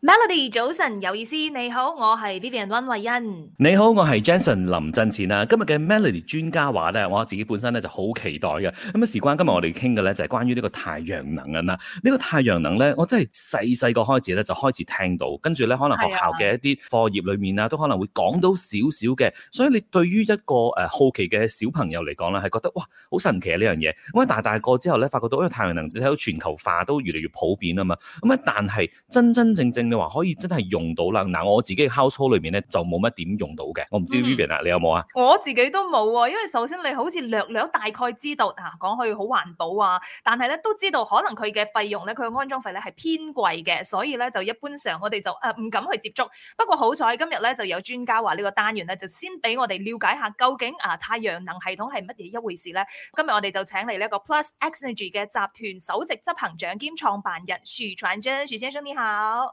Melody 早晨，有意思，你好，我係 Vivian 溫慧欣。你好，我係 Jenson 林振前啊。今日嘅 Melody 專家話咧，我自己本身咧就好期待嘅。咁啊，事關今日我哋傾嘅咧，就係關於呢個太陽能啊。呢個太陽能咧，我真係細細個開始咧就開始聽到，跟住咧可能學校嘅一啲課業裏面啊，都可能會講到少少嘅。所以你對於一個誒好奇嘅小朋友嚟講咧，係覺得哇好神奇啊呢樣嘢。咁喺大大個之後咧，發覺到因為太陽能，你睇到全球化都越嚟越普遍啊嘛。咁啊，但係真真正正。你話可以真係用到啦。嗱我自己嘅 house 裏面咧就冇乜點用到嘅。我唔知 Vivian 啊，你有冇啊？我自己沒我都冇啊！因為首先你好似略略大概知道啊，講佢好環保啊，但係咧都知道可能佢嘅費用咧，佢嘅安裝費咧係偏貴嘅，所以咧就一般上我哋就誒唔、呃、敢去接觸。不過好彩今日咧就有專家話呢個單元咧就先俾我哋了解下究竟啊太陽能系統係乜嘢一回事咧。今日我哋就請嚟呢個 Plus Xnergy 嘅集團首席執行長兼創辦人許傳真，許先生你好。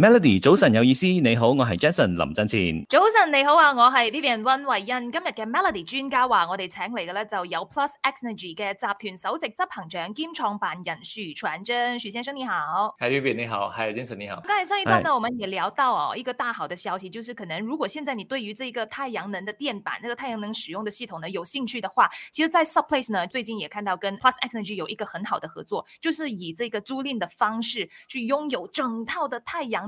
Melody，早晨有意思，你好，我係 Jason 林振前。早晨你好啊，我係 Vivian 溫慧欣。今日嘅 Melody 專家話，我哋請嚟嘅呢就有 Plus Xnergy 嘅集團首席執行長兼創辦人許傳真。許先生你好。Hi Vivian 你好，Hi Jason 你好。今日商業頻道我哋也聊到一個大好的消息，就是可能如果現在你對於這個太陽能的電板，呢、這個太陽能使用的系統呢有興趣嘅話，其實在 Subplace 呢最近也看到跟 Plus Xnergy 有一個很好的合作，就是以這個租賃的方式去擁有整套的太陽。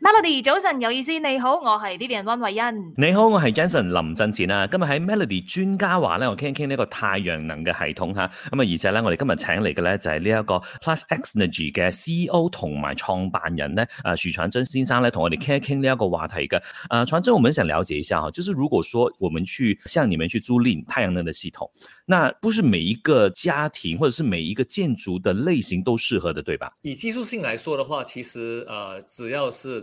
Melody，早晨有意思，你好，我係呢邊溫慧欣。你好，我係 Jenson 林振前啊。今日喺 Melody 專家話咧，我傾一傾呢一個太陽能嘅系統吓。咁啊，而且咧，我哋今日請嚟嘅咧就係呢一個 Plus Xnergy 嘅 C E O 同埋創辦人咧，啊，許傳真先生咧，同我哋傾一傾呢一個話題嘅。誒、啊，傳真，我們想了解一下啊，就是如果說我們去向你們去租賃太陽能嘅系統，那不是每一個家庭或者是每一個建築的類型都適合的，對吧？以技術性來說的話，其實誒、呃，只要是。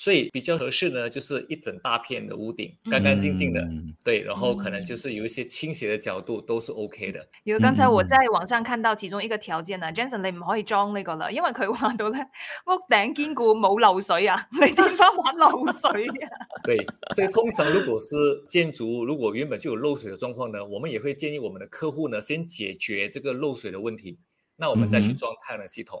所以比較合適呢，就是一整大片的屋頂，乾乾淨淨的，嗯、對。然後可能就是有一些傾斜的角度都是 OK 的。因為剛才我在網上看到其中一個條件啊，Jason，你唔可以裝那個了，因為佢話到呢，屋頂堅固冇漏水啊，你點樣揾漏水，啊？ 對，所以通常如果是建築如果原本就有漏水的狀況呢，我們也會建議我們的客戶呢先解決這個漏水的問題，那我們再去裝太陽能系統。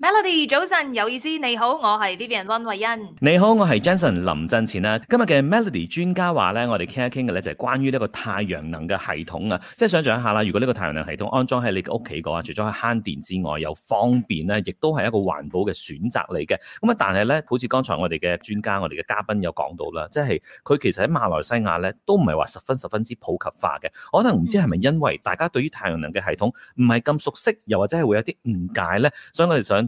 Melody，早晨有意思，你好，我係 Vivian 溫慧欣。你好，我係 Jenson 林振前啊。今日嘅 Melody 專家話咧，我哋傾一傾嘅咧就係關於呢個太陽能嘅系統啊。即係想象一下啦，如果呢個太陽能系統安裝喺你嘅屋企嘅話，除咗係慳電之外，又方便咧，亦都係一個環保嘅選擇嚟嘅。咁啊，但係咧，好似剛才我哋嘅專家，我哋嘅嘉賓有講到啦，即係佢其實喺馬來西亞咧都唔係話十分十分之普及化嘅。我可能唔知係咪因為大家對於太陽能嘅系統唔係咁熟悉，又或者係會有啲誤解咧，所以我哋想。